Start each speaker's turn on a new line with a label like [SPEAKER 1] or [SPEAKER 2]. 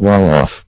[SPEAKER 1] Wall off.